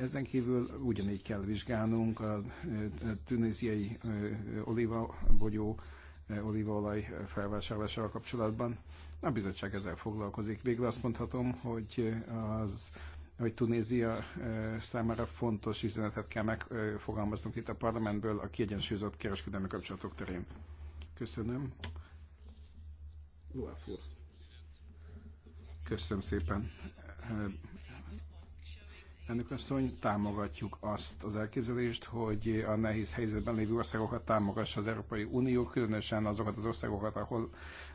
ezen kívül ugyanígy kell vizsgálnunk a tunéziai olívabogyó, olívaolaj felvásárlásával kapcsolatban. A bizottság ezzel foglalkozik. Végül azt mondhatom, hogy az hogy Tunézia számára fontos üzenetet kell megfogalmaznunk itt a parlamentből a kiegyensúlyozott kereskedelmi kapcsolatok terén. Köszönöm. Köszönöm szépen, Elnök asszony, támogatjuk azt az elképzelést, hogy a nehéz helyzetben lévő országokat támogassa az Európai Unió, különösen azokat az országokat, ahol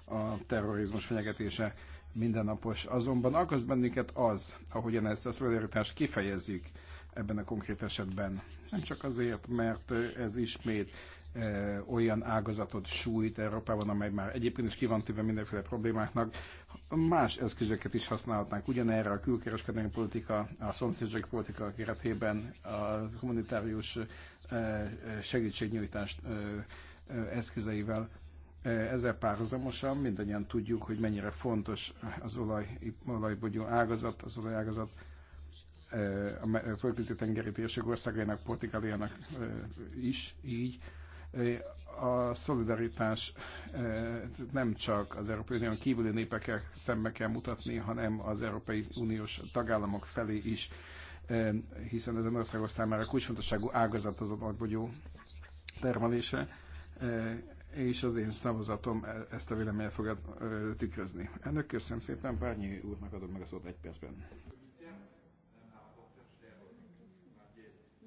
a terrorizmus fenyegetése mindennapos. Azonban aggaszt bennünket az, ahogyan ezt a szolidaritást kifejezzük ebben a konkrét esetben. Nem csak azért, mert ez ismét olyan ágazatot sújt Európában, amely már egyébként is kivantéve mindenféle problémáknak, más eszközöket is használhatnánk. Ugyanerre a külkereskedelmi politika, a szomszédsági politika keretében a humanitárius segítségnyújtás eszközeivel. Ezzel párhuzamosan mindannyian tudjuk, hogy mennyire fontos az olaj, olajbogyó ágazat, az olajágazat, a földközi tengeri térség országainak, Portugáliának is így a szolidaritás e, nem csak az Európai Unión kívüli népekkel szembe kell mutatni, hanem az Európai Uniós tagállamok felé is, e, hiszen ezen országok számára kulcsfontosságú ágazat az adatbogyó termelése, e, és az én szavazatom ezt a véleményet fog tükrözni. Ennek köszönöm szépen, Bárnyi úrnak adom meg a szót egy percben.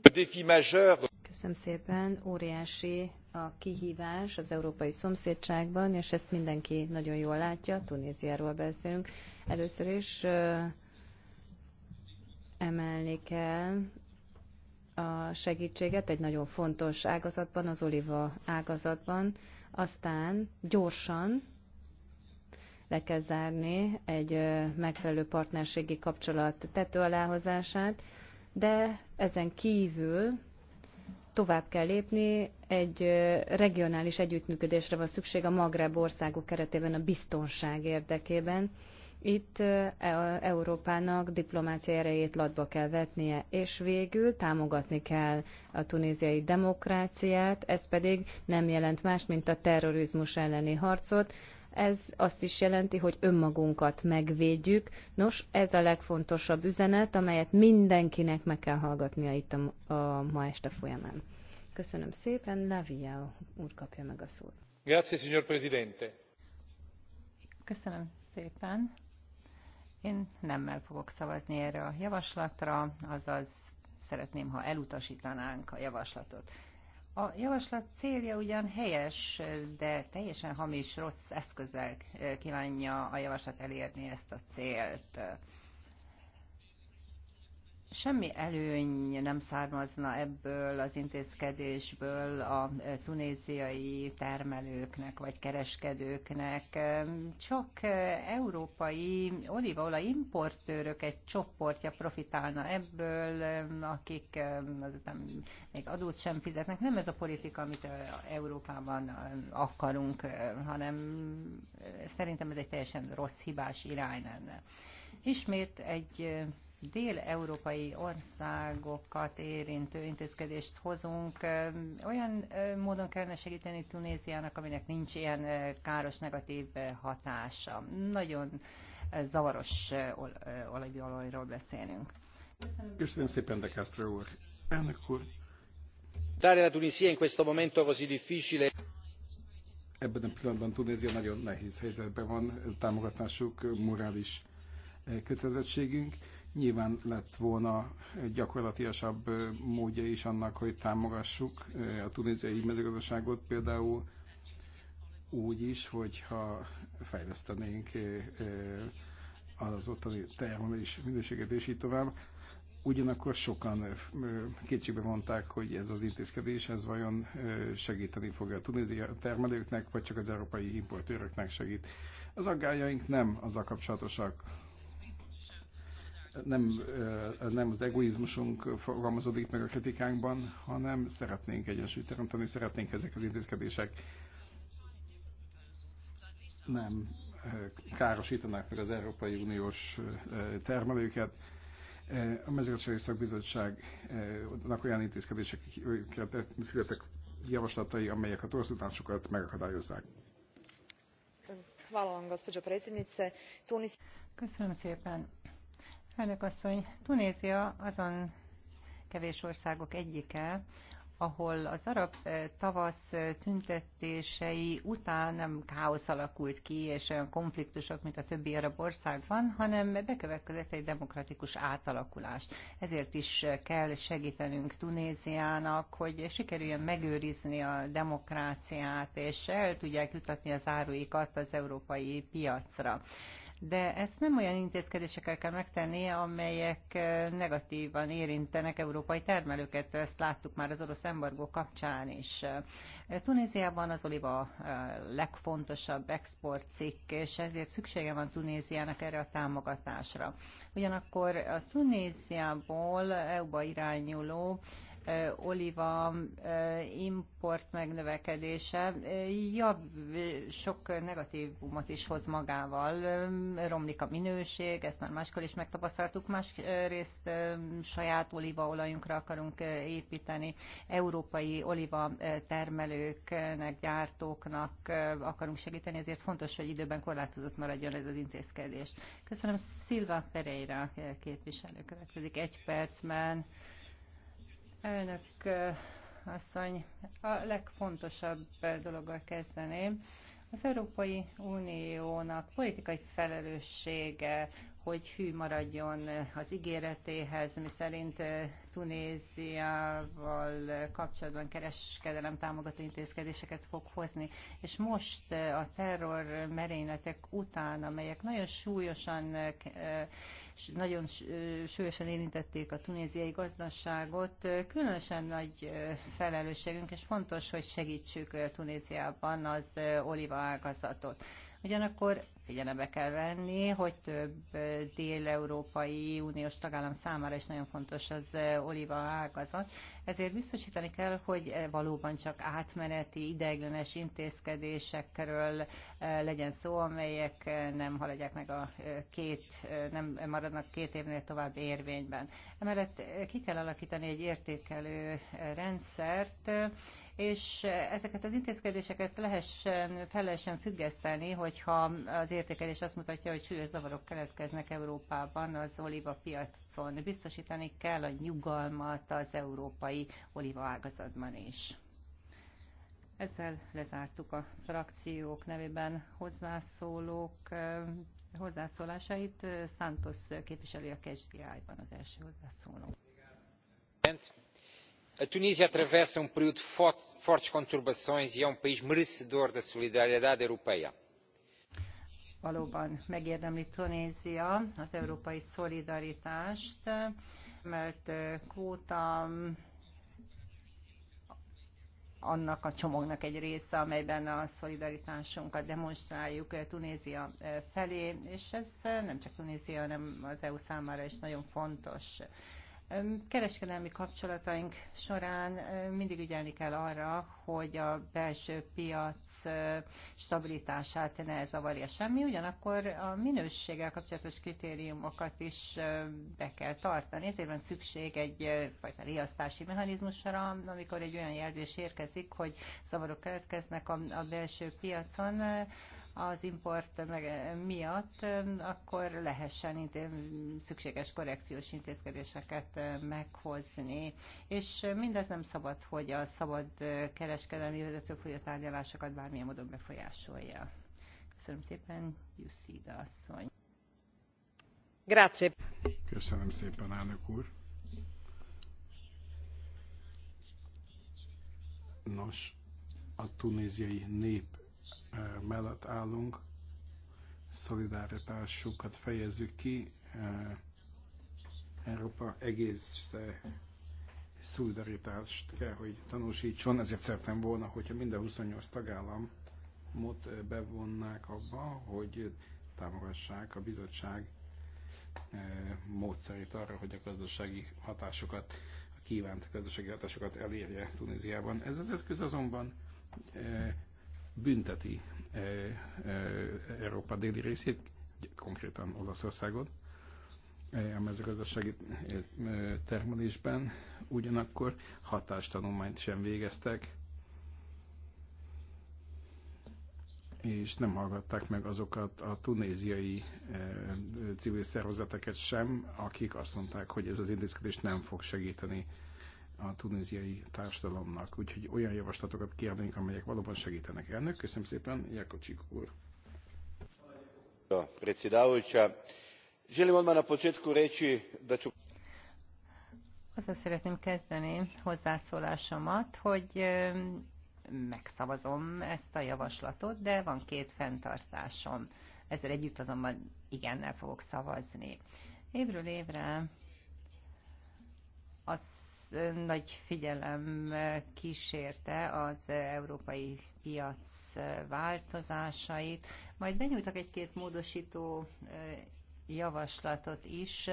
A défi majeur Köszönöm szépen. Óriási a kihívás az európai szomszédságban, és ezt mindenki nagyon jól látja. Tunéziáról beszélünk. Először is emelni kell a segítséget egy nagyon fontos ágazatban, az oliva ágazatban. Aztán gyorsan le kell zárni egy megfelelő partnerségi kapcsolat tető aláhozását, de ezen kívül tovább kell lépni, egy regionális együttműködésre van szükség a Magreb országok keretében a biztonság érdekében. Itt e, Európának diplomácia erejét latba kell vetnie, és végül támogatni kell a tunéziai demokráciát, ez pedig nem jelent más, mint a terrorizmus elleni harcot, ez azt is jelenti, hogy önmagunkat megvédjük. Nos, ez a legfontosabb üzenet, amelyet mindenkinek meg kell hallgatnia itt a, a ma este folyamán. Köszönöm szépen, Lavia úr kapja meg a szót. Grazie, signor Presidente. Köszönöm szépen. Én nemmel fogok szavazni erre a javaslatra, azaz szeretném, ha elutasítanánk a javaslatot. A javaslat célja ugyan helyes, de teljesen hamis, rossz eszközzel eh, kívánja a javaslat elérni ezt a célt. Semmi előny nem származna ebből az intézkedésből a tunéziai termelőknek vagy kereskedőknek, csak európai olívaolaj importőrök egy csoportja profitálna ebből, akik eh, azután még adót sem fizetnek. Nem ez a politika, amit eh, Európában eh, akarunk, hanem szerintem ez egy teljesen rossz, hibás irány lenne. Ismét egy dél-európai országokat érintő intézkedést hozunk. Olyan módon kellene segíteni Tunéziának, aminek nincs ilyen káros negatív hatása. Nagyon zavaros olajolajról beszélünk. Köszönöm. Köszönöm szépen, De Castro úr. Elnök úr. Dare Tunisia in questo momento così difficile ebben a pillanatban Tunézia nagyon nehéz helyzetben van, támogatásuk, morális kötelezettségünk. Nyilván lett volna gyakorlatiasabb módja is annak, hogy támogassuk a tunéziai mezőgazdaságot például úgy is, hogyha fejlesztenénk az ottani termelés minőséget és így tovább. Ugyanakkor sokan kétségbe mondták, hogy ez az intézkedés, ez vajon segíteni fogja a tunéziai termelőknek, vagy csak az európai importőröknek segít. Az aggájaink nem az a kapcsolatosak, nem, nem az egoizmusunk fogalmazódik meg a kritikánkban, hanem szeretnénk egyensúlyt teremteni, szeretnénk ezek az intézkedések nem károsítanák meg az Európai Uniós termelőket. A mezőgazdasági szakbizottságnak olyan intézkedések születtek javaslatai, amelyek a torzításokat megakadályozzák. Köszönöm szépen. Elnök asszony, Tunézia azon kevés országok egyike, ahol az arab eh, tavasz eh, tüntetései után nem káosz alakult ki, és olyan konfliktusok, mint a többi arab országban, hanem bekövetkezett egy demokratikus átalakulás. Ezért is eh, kell segítenünk Tunéziának, hogy sikerüljön megőrizni a demokráciát, és el tudják jutatni az áruikat az európai piacra de ezt nem olyan intézkedésekkel kell megtenni, amelyek eh, negatívan érintenek európai termelőket. Ezt láttuk már az orosz embargó kapcsán is. Eh, Tunéziában az oliva eh, legfontosabb exportcikk, és ezért szüksége van Tunéziának erre a támogatásra. Ugyanakkor a Tunéziából EU-ba irányuló oliva import megnövekedése ja, sok negatívumot is hoz magával. Romlik a minőség, ezt már máskor is megtapasztaltuk. Másrészt saját olívaolajunkra akarunk építeni. Európai oliva termelőknek, gyártóknak akarunk segíteni, ezért fontos, hogy időben korlátozott maradjon ez az intézkedés. Köszönöm Szilva Pereira képviselő következik egy percben. Elnök asszony, a legfontosabb dologgal kezdeném. Az Európai Uniónak politikai felelőssége, hogy hű maradjon az ígéretéhez, miszerint Tunéziával kapcsolatban kereskedelem támogató intézkedéseket fog hozni. És most a terror merényletek után, amelyek nagyon súlyosan nagyon súlyosan érintették a tunéziai gazdaságot. Különösen nagy felelősségünk, és fontos, hogy segítsük Tunéziában az olívaágazatot. Ugyanakkor figyelembe kell venni, hogy több dél-európai uniós tagállam számára is nagyon fontos az oliva ágazat, ezért biztosítani kell, hogy e, valóban csak átmeneti, ideiglenes intézkedésekről e, legyen szó, amelyek e, nem haladják meg a két, nem maradnak két évnél tovább érvényben. Emellett ki kell alakítani egy értékelő rendszert, és ezeket az intézkedéseket lehessen, fel lehessen függeszteni, hogyha az értékelés azt mutatja, hogy súlyos zavarok keletkeznek Európában az olíva piacon. Biztosítani kell a nyugalmat az európai európai olívaágazatban is. Ezzel lezártuk a frakciók nevében hozzászólók hozzászólásait. Santos képviselő a KSDI-ban az első hozzászóló. A Tunísia atravessa um período de fortes conturbações e é um país merecedor da solidariedade europeia. Valóban megérdemli Tunézia az európai szolidaritást, mert kvóta annak a csomagnak egy része, amelyben a szolidaritásunkat demonstráljuk Tunézia eh, felé, és ez eh, nem csak Tunézia, hanem az EU számára is nagyon fontos. Kereskedelmi kapcsolataink során mindig ügyelni kell arra, hogy a belső piac stabilitását ne zavarja semmi, ugyanakkor a minőséggel kapcsolatos kritériumokat is be kell tartani. Ezért van szükség egyfajta riasztási mechanizmusra, amikor egy olyan jelzés érkezik, hogy zavarok keletkeznek a, a belső piacon, az import miatt, akkor lehessen eh, szükséges korrekciós intézkedéseket eh, meghozni. És mindez nem szabad, hogy a szabad eh, kereskedelmi vezető folyó tárgyalásokat bármilyen módon befolyásolja. Köszönöm szépen, Jusszida asszony. Grazie. Köszönöm szépen, elnök úr. Nos, a tunéziai nép mellett állunk, szolidaritásukat fejezzük ki, Európa egész szolidaritást kell, hogy tanúsítson, ezért szerettem volna, hogyha minden 28 tagállamot bevonnák abba, hogy támogassák a bizottság módszerét arra, hogy a gazdasági hatásokat, a kívánt gazdasági hatásokat elérje Tunéziában. Ez az eszköz azonban bünteti eh, eh, Európa déli részét, konkrétan Olaszországot, eh, a mezőgazdasági termelésben, ugyanakkor hatástanulmányt sem végeztek, és nem hallgatták meg azokat a tunéziai civil szervezeteket sem, akik azt mondták, hogy ez az intézkedés nem fog segíteni a tunéziai társadalomnak. Úgyhogy olyan javaslatokat kiadunk, amelyek valóban segítenek. Elnök, köszönöm szépen, Jakocsik úr. Azzal szeretném kezdeni hozzászólásomat, hogy megszavazom ezt a javaslatot, de van két fenntartásom. Ezzel együtt azonban igennel fogok szavazni. Évről évre az nagy figyelem kísérte az európai piac változásait. Majd benyújtak egy-két módosító javaslatot is,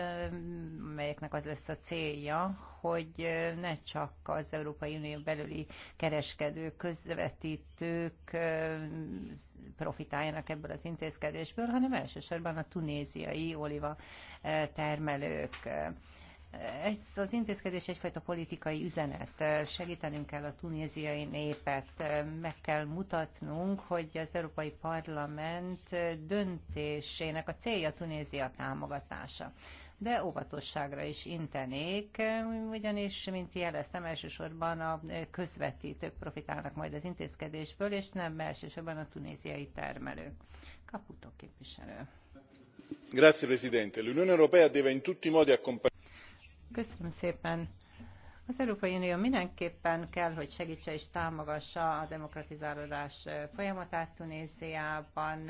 melyeknek az lesz a célja, hogy ne csak az Európai Unió belüli kereskedők, közvetítők profitáljanak ebből az intézkedésből, hanem elsősorban a tunéziai oliva termelők. Ez az intézkedés egyfajta politikai üzenet. Segítenünk kell a tunéziai népet, meg kell mutatnunk, hogy az Európai Parlament döntésének a célja Tunézia támogatása de óvatosságra is intenék, ugyanis, mint jeleztem, elsősorban a közvetítők profitálnak majd az intézkedésből, és nem elsősorban a tunéziai termelők. Caputo képviselő. Grazie Presidente. L'Unione Europea deve in tutti modi accompagnare Köszönöm szépen. Az Európai Unió mindenképpen kell, hogy segítse és támogassa a demokratizálódás folyamatát Tunéziában,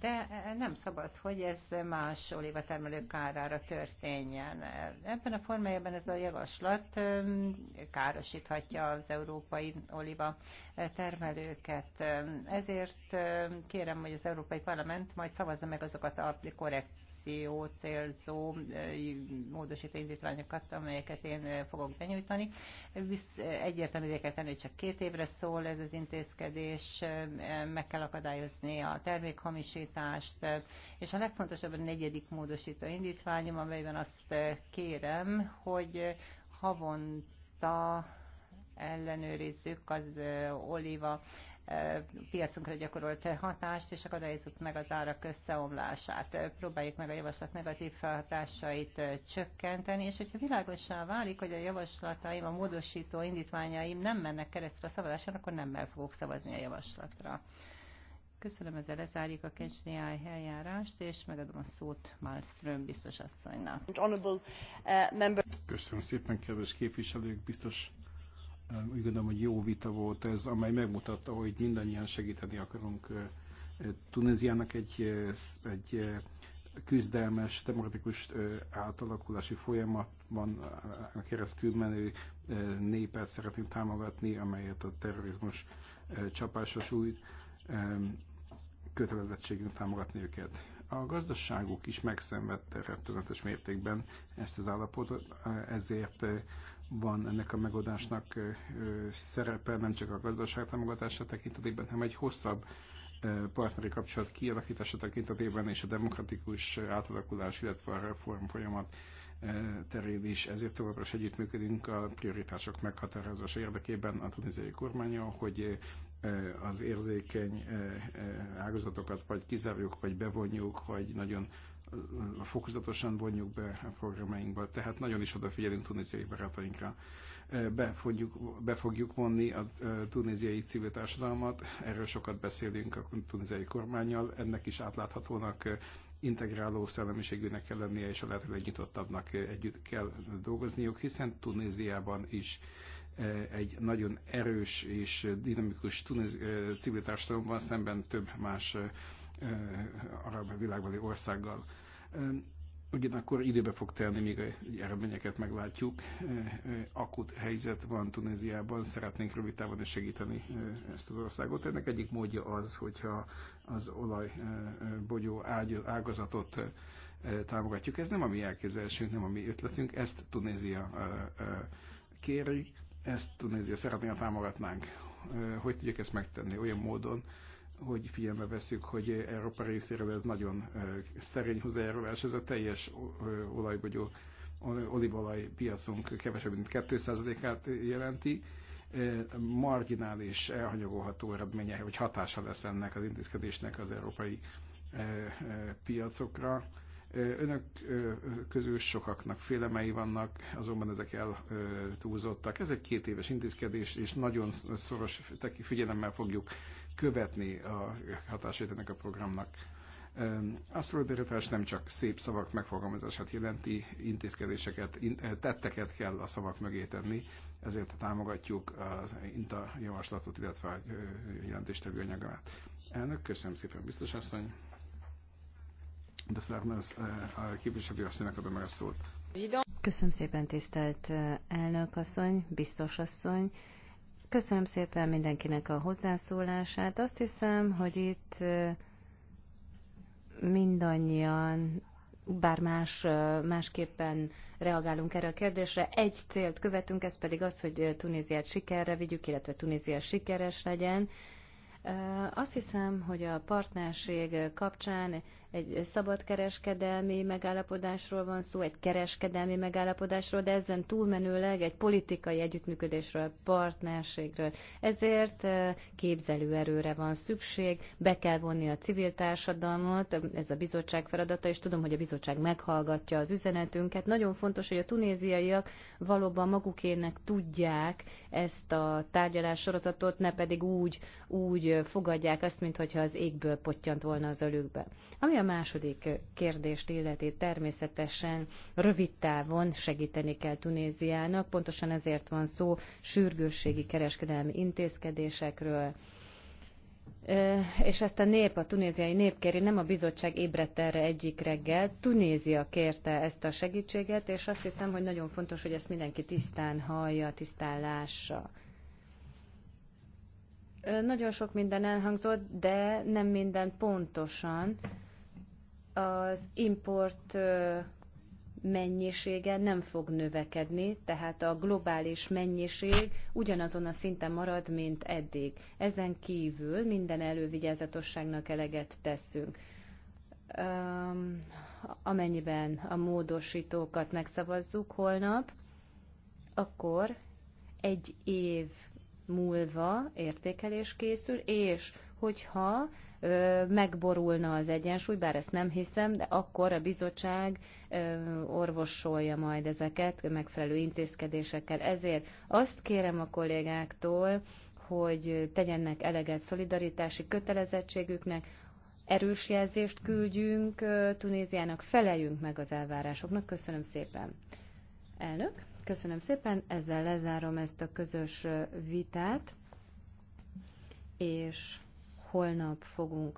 de nem szabad, hogy ez más olivatermelők kárára történjen. Ebben a formájában ez a javaslat károsíthatja az európai oliva termelőket. Ezért kérem, hogy az Európai Parlament majd szavazza meg azokat a korrekciókat, definíció célzó módosító indítványokat, amelyeket én fogok benyújtani. Egyértelművé kell tenni, hogy csak két évre szól ez az intézkedés, meg kell akadályozni a termékhamisítást, és a legfontosabb a negyedik módosító indítványom, amelyben azt kérem, hogy havonta ellenőrizzük az oliva piacunkra gyakorolt hatást, és akadályozzuk meg az árak összeomlását. Próbáljuk meg a javaslat negatív hatásait eh, csökkenteni, és hogyha világosan válik, hogy a javaslataim, a módosító indítványaim nem mennek keresztül a szavazáson, akkor nem el fogok szavazni a javaslatra. Köszönöm, ezzel lezárjuk a Kecsniáj eljárást, és megadom a szót Malmström biztos asszonynak. Eh, Köszönöm szépen, kedves képviselők, biztos úgy gondolom, hogy jó vita volt ez, amely megmutatta, hogy mindannyian segíteni akarunk Tunéziának egy, egy küzdelmes, demokratikus átalakulási folyamatban keresztül menő népet szeretnénk támogatni, amelyet a terrorizmus csapása súlyt, kötelezettségünk támogatni őket. A gazdaságuk is megszenvedte rettenetes mértékben ezt az állapotot, ezért van ennek a megoldásnak szerepe nem csak a gazdaság támogatása tekintetében, hanem egy hosszabb partneri kapcsolat kialakítása tekintetében és a demokratikus átalakulás, illetve a reform folyamat terén is. Ezért továbbra is együttműködünk a prioritások meghatározása érdekében a tunéziai kormánya, hogy az érzékeny ágazatokat vagy kizárjuk, vagy bevonjuk, vagy nagyon fokozatosan vonjuk be a programainkba. Tehát nagyon is odafigyelünk tunéziai barátainkra. Be fogjuk, be fogjuk vonni a tunéziai civil társadalmat, erről sokat beszélünk a tunéziai kormányjal, ennek is átláthatónak, integráló szellemiségűnek kell lennie, és a lehető legnyitottabbnak együtt kell dolgozniuk, hiszen Tunéziában is egy nagyon erős és dinamikus tunéz, civil társadalomban szemben több más Eh, arab világbeli országgal. Eh, ugyanakkor időbe fog telni, míg a eredményeket meglátjuk. Eh, akut helyzet van Tunéziában, szeretnénk rövid távon is segíteni ezt az országot. Ennek egyik módja az, hogyha az olajbogyó ágazatot támogatjuk. Ez nem a mi elképzelésünk, nem a mi ötletünk, ezt Tunézia kéri, ezt Tunézia szeretné, ha támogatnánk. Hogy tudjuk ezt megtenni? Olyan módon, hogy figyelme veszük, hogy Európa részéről ez nagyon szerény hozzájárulás, ez a teljes olajbogyó olívolaj piacunk kevesebb, mint 2%-át jelenti, marginális, elhanyagolható eredménye, hogy hatása lesz ennek az intézkedésnek az európai piacokra. Önök közül sokaknak félemei vannak, azonban ezek el túlzottak. Ez egy két éves intézkedés, és nagyon szoros figyelemmel fogjuk követni a hatásait ennek a programnak. A szolidaritás nem csak szép szavak megfogalmazását jelenti, intézkedéseket, eh, tetteket kell a szavak mögé tenni, ezért támogatjuk az INTA javaslatot, illetve a jelentéstevő anyagát. Elnök, köszönöm szépen, biztos asszony. De Szárnez eh, a képviselő asszonynak adom meg a szót. Köszönöm szépen, tisztelt eh, elnök asszony, biztos asszony. Köszönöm szépen mindenkinek a hozzászólását. Azt hiszem, hogy itt mindannyian, bár más, másképpen reagálunk erre a kérdésre, egy célt követünk, ez pedig az, hogy Tunéziát sikerre vigyük, illetve Tunézia sikeres legyen. Azt hiszem, hogy a partnerség kapcsán egy szabadkereskedelmi megállapodásról van szó, egy kereskedelmi megállapodásról, de ezen túlmenőleg egy politikai együttműködésről, partnerségről. Ezért eh, képzelőerőre van szükség, be kell vonni a civil társadalmat, ez a bizottság feladata, és tudom, hogy a bizottság meghallgatja az üzenetünket. Nagyon fontos, hogy a tunéziaiak valóban magukének tudják ezt a tárgyalás sorozatot, ne pedig úgy, úgy fogadják azt, mintha az égből pottyant volna az ölükbe. Ami a második kérdést illeti, természetesen rövid távon segíteni kell Tunéziának, pontosan ezért van szó sürgősségi kereskedelmi intézkedésekről, és ezt a nép, a tunéziai nép kéri, nem a bizottság ébredt erre egyik reggel. Tunézia kérte ezt a segítséget, és azt hiszem, hogy nagyon fontos, hogy ezt mindenki tisztán hallja, tisztán lássa. Nagyon sok minden elhangzott, de nem minden pontosan az import mennyisége nem fog növekedni, tehát a globális mennyiség ugyanazon a szinten marad, mint eddig. Ezen kívül minden elővigyázatosságnak eleget teszünk. amennyiben a módosítókat megszavazzuk holnap, akkor egy év múlva értékelés készül, és hogyha megborulna az egyensúly, bár ezt nem hiszem, de akkor a bizottság orvosolja majd ezeket megfelelő intézkedésekkel. Ezért azt kérem a kollégáktól, hogy tegyenek eleget szolidaritási kötelezettségüknek, erős jelzést küldjünk Tunéziának, feleljünk meg az elvárásoknak. Köszönöm szépen. Elnök, köszönöm szépen, ezzel lezárom ezt a közös vitát, és holnap fogunk